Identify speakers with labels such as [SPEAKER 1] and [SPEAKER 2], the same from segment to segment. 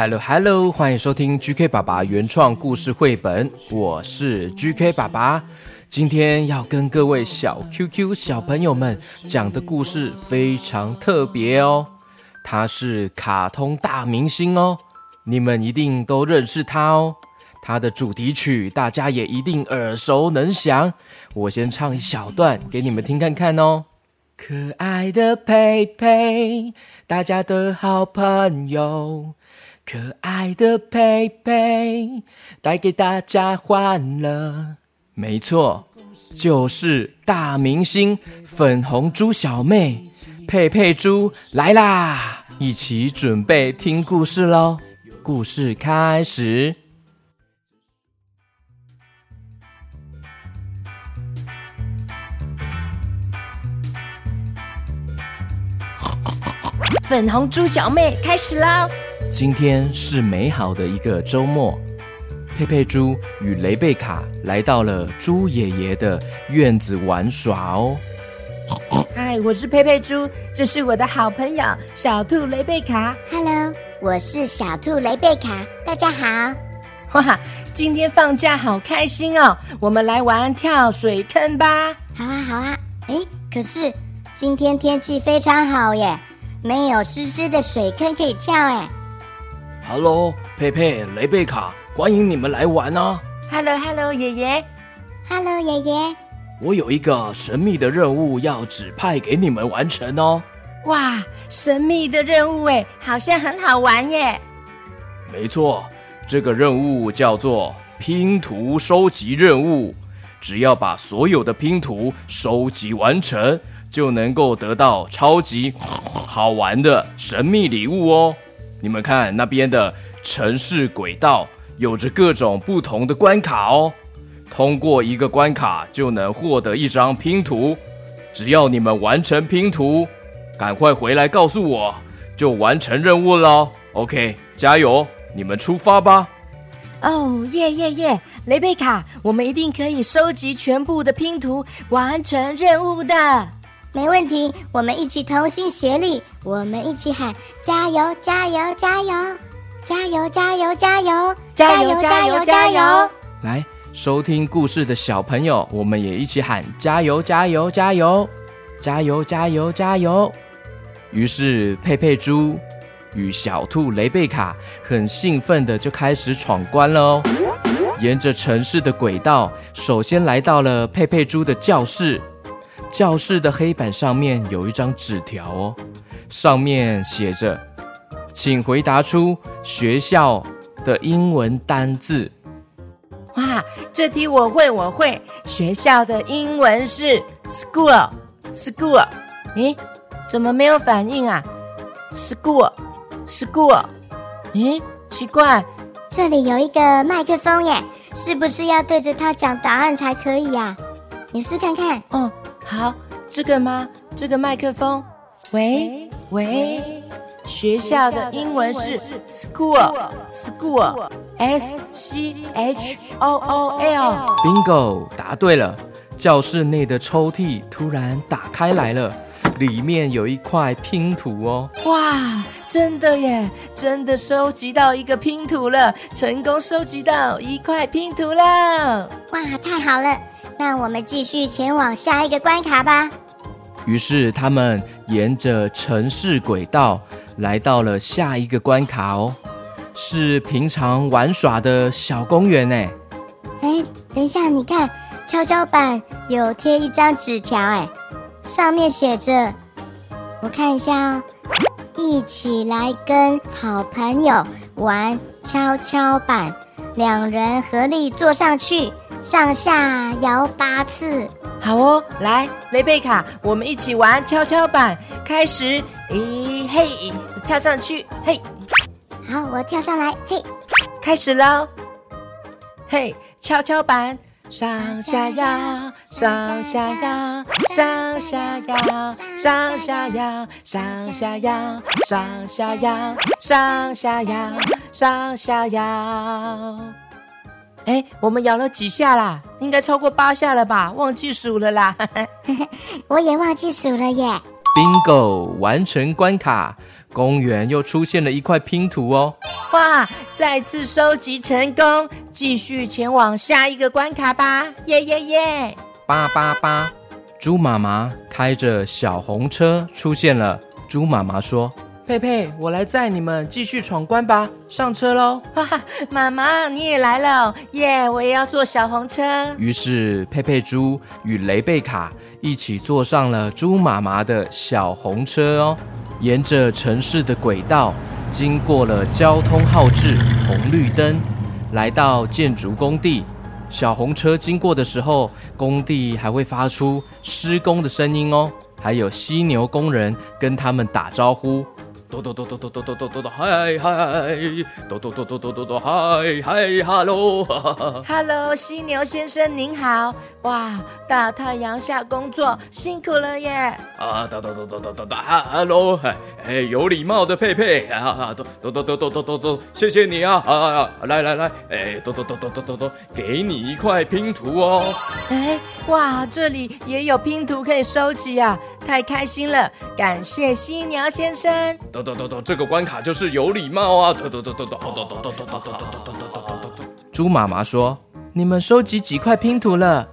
[SPEAKER 1] Hello，Hello，hello. 歡迎收聽 GK 爸爸原創故事繪本。我是 GK 爸爸，今天要跟各位小 QQ 小朋友們講的故事非常特別哦。他是卡通大明星哦，你們一定都認識他哦。他的主題曲大家也一定耳熟能詳。我先唱一小段給你們聽看看哦。可愛的佩佩，大家的好朋友。可愛的佩佩帶給大家歡樂，沒錯，就是大明星粉紅豬小妹佩佩豬來啦！一起準備聽故事嘍，故事開始。
[SPEAKER 2] 粉紅豬小妹開始嘍。
[SPEAKER 1] 今天是美好的一個週末，佩佩豬與蕾貝卡來到了豬爺爺的院子玩耍
[SPEAKER 2] 哦。嗨，我是佩佩豬，這是我的好朋友小兔蕾貝卡。Hello，我是小兔蕾貝卡，大家好。哇，今天
[SPEAKER 3] 放假好開心哦！我們來玩跳水坑吧。好啊，好啊。哎，可是今天天氣非常好耶，沒有濕濕的水坑可以跳耶。
[SPEAKER 1] 哈嘍，佩佩、雷貝卡，歡迎你們來玩哦、啊。Hello，Hello，
[SPEAKER 3] 爺爺，Hello，爺爺，Hello，爺爺，
[SPEAKER 1] 我有一個神秘的任務要指派給你們完成哦。
[SPEAKER 2] 哇，神秘的任務哎，好像很好玩耶！
[SPEAKER 1] 沒錯，這個任務叫做拼圖收集任務，只要把所有的拼圖收集完成，就能夠得到超級好玩的神秘禮物哦。你們看那邊的城市軌道，有着各種不同的關卡哦，通過一個關卡就能獲得一張拼圖，只要你們完成拼圖，趕快回來告訴我，就完成任務了。OK，加油！你們出發吧。
[SPEAKER 2] 哦，耶耶耶！
[SPEAKER 3] 雷貝卡，我們一定可以收集全部的拼圖，完成任務的。沒問題，我們一起同心協力，我們一起喊加油，加油，加油，加油，加油，加油，加油，加油，加油！
[SPEAKER 1] 來收聽故事的小朋友，我們也一起喊加油，加油，加油，加油，加油，加油！於是佩佩豬與小兔蕾貝卡很興奮的就開始闖關了哦，沿着城市的軌道，首先來到了佩佩豬的教室。教室的黑板上面有一張紙條哦，上面寫着：“請回答出學校的英文單字。”
[SPEAKER 2] 哇，這題我會，我會。學校的英文是 school school。咦，怎麼沒有反應啊？school
[SPEAKER 3] school。咦，奇怪，這裡有一個麥克風耶，是不是要對着它講答案才可以啊？你試看看哦。好，這個嗎？這個麥克風。喂喂，喂，學校
[SPEAKER 2] 的英文是 school school school, s c h o o l。
[SPEAKER 1] Bingo，答對了。教室內的抽屜突然打開來了，裡面有一塊拼圖哦。
[SPEAKER 2] 哇，真的
[SPEAKER 3] 耶！真的收集到一個拼圖了，成功收集到一塊拼圖了。哇，太好了。那我們繼續前往下一個關卡吧。
[SPEAKER 1] 於是他們沿着城市軌道來到了下一個關卡哦，是平常玩耍的小公園呢。
[SPEAKER 3] 哎，等一下，你看蹺蹺板有貼一張紙條哎，上面寫着，我看一下哦，一起來跟好朋友玩蹺蹺板，兩人合力坐上去。上下搖八次，好哦，來，蕾貝卡，
[SPEAKER 2] 我們一起玩蹺蹺板，開始，咦，嘿，跳上去，嘿，好，我跳上來，嘿，開始嘍，嘿，蹺蹺板，上下搖，上下搖，上下搖，上下搖，上下搖，上下搖，上下搖，上下搖。哎，我們搖了幾下啦，應該超過八下了吧？忘記數了啦，哈哈 我也忘記數了耶。
[SPEAKER 1] Bingo，完成關卡，公園又出現了一塊拼圖哦。
[SPEAKER 2] 哇，再次收集成功，繼續前往下一個關卡吧。耶耶耶！
[SPEAKER 1] 八八八，豬媽媽開着小紅車出現了。豬媽媽說。
[SPEAKER 2] 佩佩，我來載你
[SPEAKER 1] 們繼續闖關吧！
[SPEAKER 2] 上車嘍！哇，媽媽你也來了！耶、yeah，我也要坐小紅車。
[SPEAKER 1] 於是佩佩豬與雷貝卡一起坐上了豬媽媽的小紅車哦，沿着城市的軌道，經過了交通號誌、紅綠燈，來到建築工地。小紅車經過的時候，工地還會發出施工的聲音哦，還有犀牛工人跟他們打招呼。嘟嘟嘟嘟嘟嘟嘟嘟嗨嗨，嘟嘟嘟嘟嘟嘟嘟嗨嗨，Hello，哈
[SPEAKER 2] 嘍，犀牛先生您好，哇，大太陽下工作辛苦了耶。
[SPEAKER 1] 啊，嘟嘟嘟嘟嘟嘟嘟哈，Hello，嘿，有禮貌的佩佩，啊，哈，嘟嘟嘟嘟嘟嘟嘟謝謝你啊，啊，來來來，哎，嘟嘟嘟嘟嘟嘟嘟，給你一塊拼圖哦。
[SPEAKER 2] 哎，哇，這裡也有拼圖可以收集啊，太開心了，感謝犀牛先生。
[SPEAKER 1] 這個關卡就是有禮貌啊！到底到底 豬媽媽說：“你們收集幾塊拼圖了？”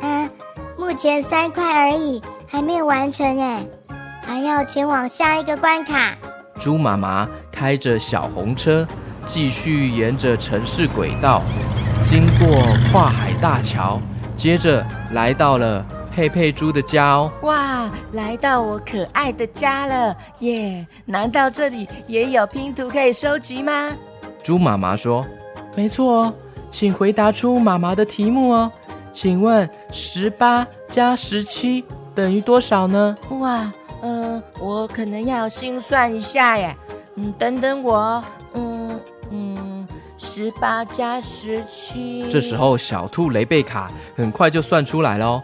[SPEAKER 3] 嗯、啊，目前三塊而已，還沒有完成。還要前往下一個關卡。
[SPEAKER 1] 豬媽媽開着小紅車，繼續沿着城市軌道，經過跨海大橋，接着來到了。佩佩豬的家哦！
[SPEAKER 2] 哇，來到我可愛的家了耶！Yeah, 難道這裡也有拼
[SPEAKER 1] 圖可以收集嗎？豬媽媽說：“沒錯哦，請回答出媽媽的題目哦。請問十八加十七等於多少呢？”
[SPEAKER 2] 哇，嗯、呃，我可能要心算一下耶。嗯，等等我。嗯嗯，十八加十七。這時候，
[SPEAKER 1] 小兔蕾貝卡很快就算出來嘍、哦。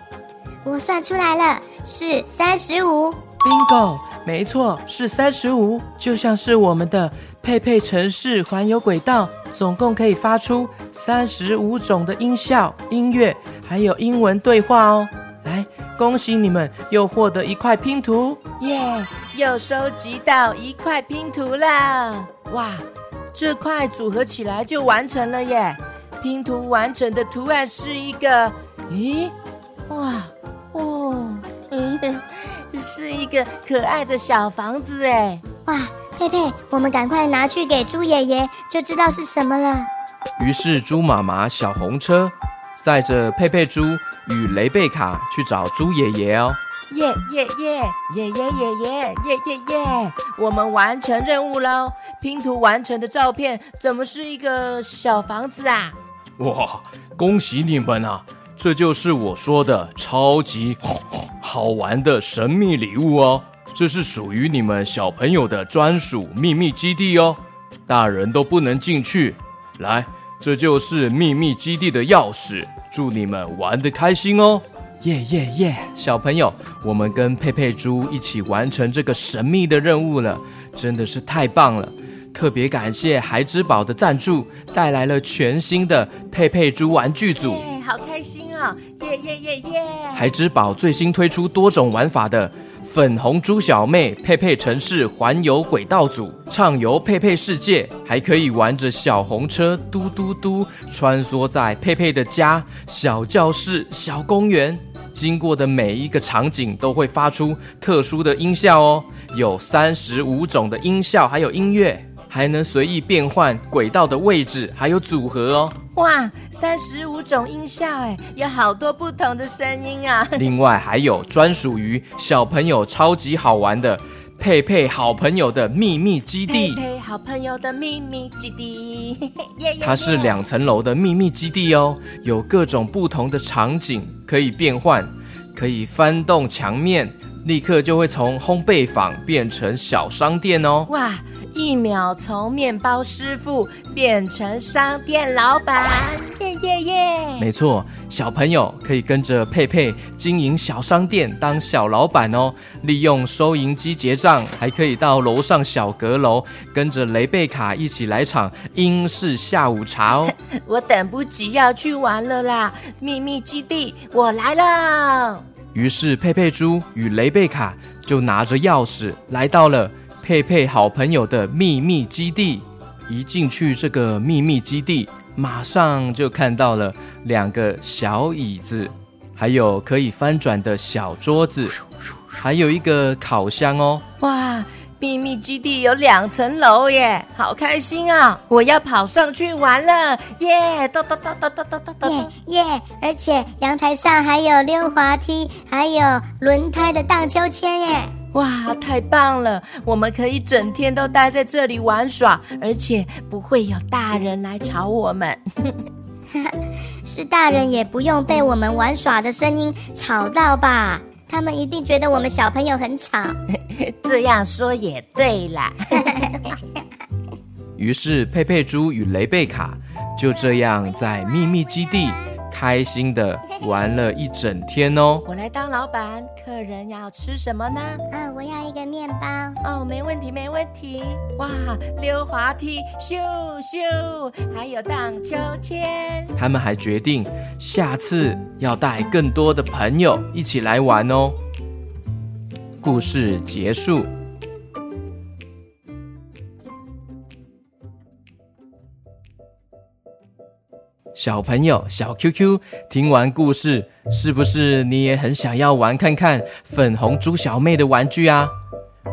[SPEAKER 1] 我算出來了，是三十五。Bingo，沒錯，是三十五。就像是我們的佩佩城市環遊軌道，總共可以發出三十五種的音效、音樂，還有英文對話哦。來，恭喜你們又獲得一塊拼圖。
[SPEAKER 2] 耶，yeah, 又收集到一塊拼圖了。哇，這塊組合起來就完成了耶。拼圖完成的圖案是一個，咦，哇。
[SPEAKER 3] 哦，哎，是一個可愛的小房子哎！哇，佩佩，我們趕快拿去給豬爺爺，就知道是什麼了。
[SPEAKER 1] 於是，豬媽媽小紅車載着佩佩豬與蕾貝卡去找豬爺爺哦。
[SPEAKER 3] 耶
[SPEAKER 2] 耶耶耶耶耶耶耶耶耶！我們完成任務嘍！拼圖完成的照片怎麼是一個小房子啊？
[SPEAKER 1] 哇，恭喜你們啊！這就是我說的超級好玩的神秘禮物哦！這是屬於你們小朋友的專屬秘密基地哦，大人都不能進去。來，這就是秘密基地的鑰匙。祝你們玩得開心哦！耶耶耶，小朋友，我們跟佩佩豬一起完成這個神秘的任務了，真的是太棒了！特別感謝孩之寶的贊助，帶來了全新的佩佩豬玩具組。
[SPEAKER 2] 開心啊！耶耶耶耶！孩
[SPEAKER 1] 之寶最新推出多種玩法的粉紅豬小妹佩佩城市環遊軌道組，暢遊佩佩世界，還可以玩着小紅車嘟嘟嘟嘟穿梭在佩佩的家、小教室、小公園，經過的每一個場景都會發出特殊的音效哦，有三十五種的音效，還有音樂。還能隨意變換軌道的位置，還有組合哦。
[SPEAKER 2] 哇，三十五種音效哎，有好多不同的聲音啊！ 另
[SPEAKER 1] 外還有專屬於小朋友超級好玩的佩佩好朋友的秘密基地。佩
[SPEAKER 2] 佩好朋友的秘密基地，佩佩基地 它是
[SPEAKER 1] 兩層樓的秘密基地哦，有各種不同的場景可以變換，可以翻動牆面，立刻就會從烘焙坊變成小商店哦。
[SPEAKER 2] 哇！一秒從麵包師傅變成商店老闆，耶耶耶！
[SPEAKER 1] 沒錯，小朋友可以跟着佩佩經營小商店當小老闆哦。利用收銀機結賬，還可以到樓上小閣樓跟着雷貝卡一起來場英式下午茶哦。
[SPEAKER 2] 我等不及要去玩了啦！秘密基地，我來了！
[SPEAKER 1] 於是佩佩豬與雷貝卡就拿着鑰匙來到了。可以配好朋友的秘密基地。一進去這個秘密基地，馬上就看到了兩個小椅子，還有可以翻轉的小桌子，還有一個烤箱哦。
[SPEAKER 2] 哇，秘密基地有兩層樓耶，
[SPEAKER 3] 好開心啊，哦！我要跑上去玩了耶！耶耶！而且陽台上還有溜滑梯，還有輪胎的盪秋千耶。哇，太棒了！我們可以整天都待在這裡玩耍，而且不會有大人來吵我們。 是大人也不用被我們玩耍的聲音吵到吧？他們一定覺得我們小朋友很吵。 這樣說也對啦。
[SPEAKER 1] 於是佩佩豬與蕾貝卡就這樣在秘密基地，開心的玩了一整天哦！
[SPEAKER 2] 我來當老闆，客人要吃什麼呢？嗯，我要一個麵包。哦，沒問題，沒問題。哇，溜滑梯，咻咻，還有盪秋千。
[SPEAKER 1] 他們還決定下次要帶更多的朋友一起來玩哦。故事結束。小朋友，小 QQ，聽完故事，是不是你也很想要玩看看粉紅豬小妹的玩具啊？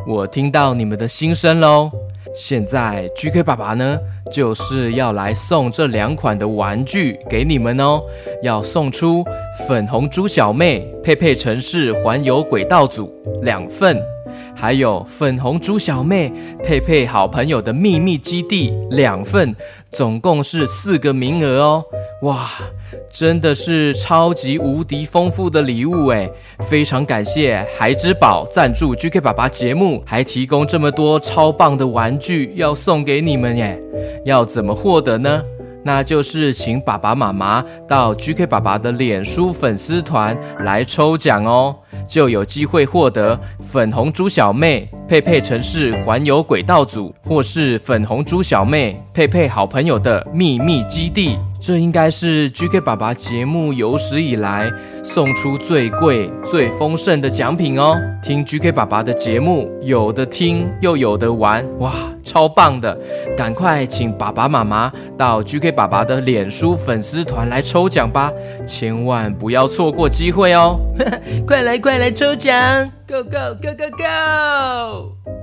[SPEAKER 1] 我聽到你們的心聲嘍！現在 GK 爸爸呢，就是要來送這兩款的玩具給你們哦，要送出粉紅豬小妹佩佩城市環遊軌道組兩份。還有粉紅豬小妹佩佩好朋友的秘密基地兩份，總共是四個名額哦！哇，真的是超級無敵豐富的禮物耶！非常感謝孩之寶贊助 GK 爸爸節目，還提供這麼多超棒的玩具要送給你們耶！要怎麼獲得呢？那就是請爸爸媽媽到 GK 爸爸的臉書粉絲團來抽獎哦，就有機會獲得粉紅豬小妹佩佩城市環遊軌道組，或是粉紅豬小妹佩佩好朋友的秘密基地。這應該是 GK 爸爸節目有史以來送出最貴、最豐盛的獎品哦！聽 GK 爸爸的節目，有的聽又有的玩，哇，超棒的！趕快請爸爸媽媽到 GK 爸爸的臉書粉絲團來抽獎吧，千萬不要錯過機會哦！ 快來快來抽獎
[SPEAKER 2] ，Go Go Go Go Go！go!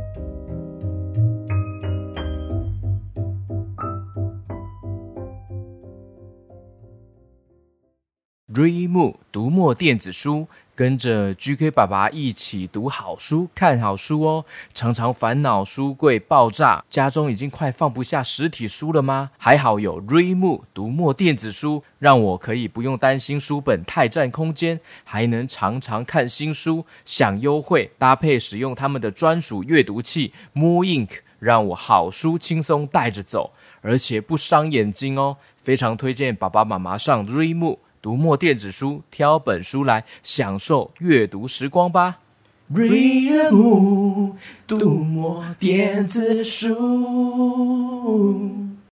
[SPEAKER 1] Readmoo 讀墨電子書，跟着 GK 爸爸一起讀好書、看好書哦。常常煩惱書櫃爆炸，家中已經快放不下實體書了嗎？還好有 Readmoo 讀墨電子書，讓我可以不用擔心書本太占空間，還能常常看新書。享優惠，搭配使用他們的專屬閱讀器 mooInk，讓我好書輕鬆帶着走，而且不傷眼睛哦。非常推薦爸爸媽媽上 Readmoo。讀墨電子書，挑本書來享受閱讀時光吧。
[SPEAKER 3] Readmoo，
[SPEAKER 1] 讀墨電子書。